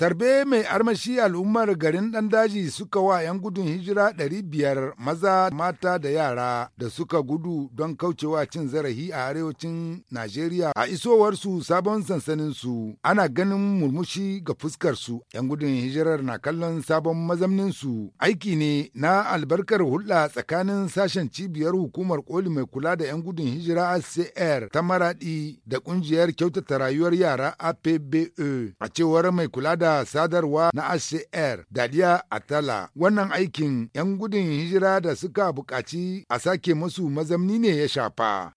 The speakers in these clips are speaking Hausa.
Tarbe mai armashi al'ummar garin ɗan daji suka wa 'yan gudun hijira 500 maza, mata da yara da suka gudu don kaucewa cin zarafi a arewacin Najeriya a isowarsu sabon sansanin su Ana ganin murmushi ga fuskarsu. 'Yan gudun hijirar na kallon sabon mazamninsu. Aiki ne na albarkar hulɗa tsakanin sashen cibiyar hukumar koli mai kula da 'yan gudun hijira ACR ta maraɗi da ƙungiyar kyautata rayuwar yara APBE a cewar mai kula da da sadarwa na ACR a Atala. Wannan aikin 'yan gudun hijira da suka buƙaci a sake musu mazamni ne ya shafa.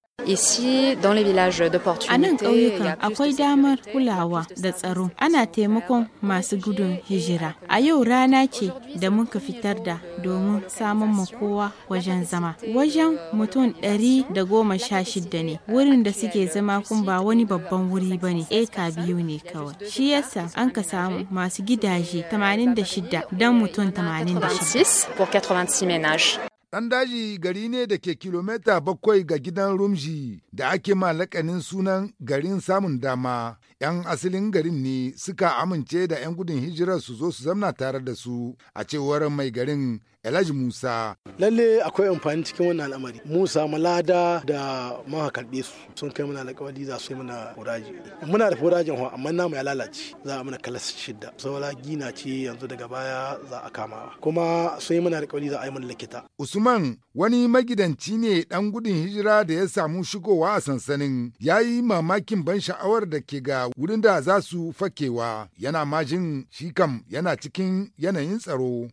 A nan ƙauyukan akwai damar kulawa da tsaro. Ana taimakon masu gudun hijira. A yau rana ce da muka fitar da domin samun ma kowa wajen zama. Wajen mutum ɗari da goma sha shida ne. Wurin da suke zama kun ba wani babban wuri ba ne. Eka biyu ne kawai. Shi yasa an ka samu masu gidaje 86 don mutum 86. Ɗan daji gari ne da ke kilomita bakwai ga gidan Rumji. da ake ma sunan garin samun dama, 'yan asalin garin ne suka amince da 'yan gudun hijirar su zo su zamna tare da su a cewar mai garin elaj Musa. Lalle akwai amfani cikin wannan al'amari. Musa malada da maha karɓe su sun kai mana alƙawari za su yi mana furaji. Muna da furajin hawa amma namu ya lalace za a mana kalas shidda. saboda gina ce yanzu daga baya za a kama. Kuma sun yi mana alƙawari za a yi mana likita. Usman wani magidanci ne ɗan gudun hijira da ya samu shigowa komawa a sansanin ya yi mamakin ban sha'awar da ke ga wurin da za su fakewa yana majin shi kam yana cikin yanayin tsaro.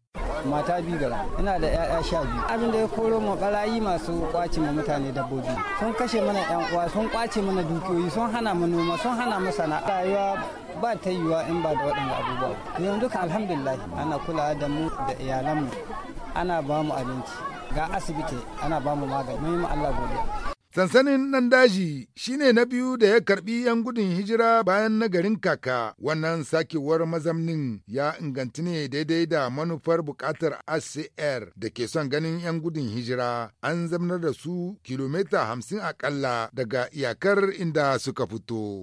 mata biyu gara ina da 'ya'ya sha biyu abin ya koro mu barayi masu kwacin ma mutane dabbobi sun kashe mana 'yan uwa sun kwace mana dukiyoyi sun hana mu noma sun hana mu sana'a rayuwa ba ta yiwuwa in ba da waɗanda abubuwa yanzu duka alhamdulillah ana kula da mu da iyalanmu ana ba mu abinci ga asibiti ana ba mu magani mu Allah godiya Sansanin nan daji ne na biyu da ya karbi 'yan gudun hijira bayan na garin kaka wannan sakewar mazamnin ya inganci ne daidai da manufar bukatar ACR da ke son ganin 'yan gudun hijira an zamnar da su kilomita hamsin akalla daga iyakar inda suka fito.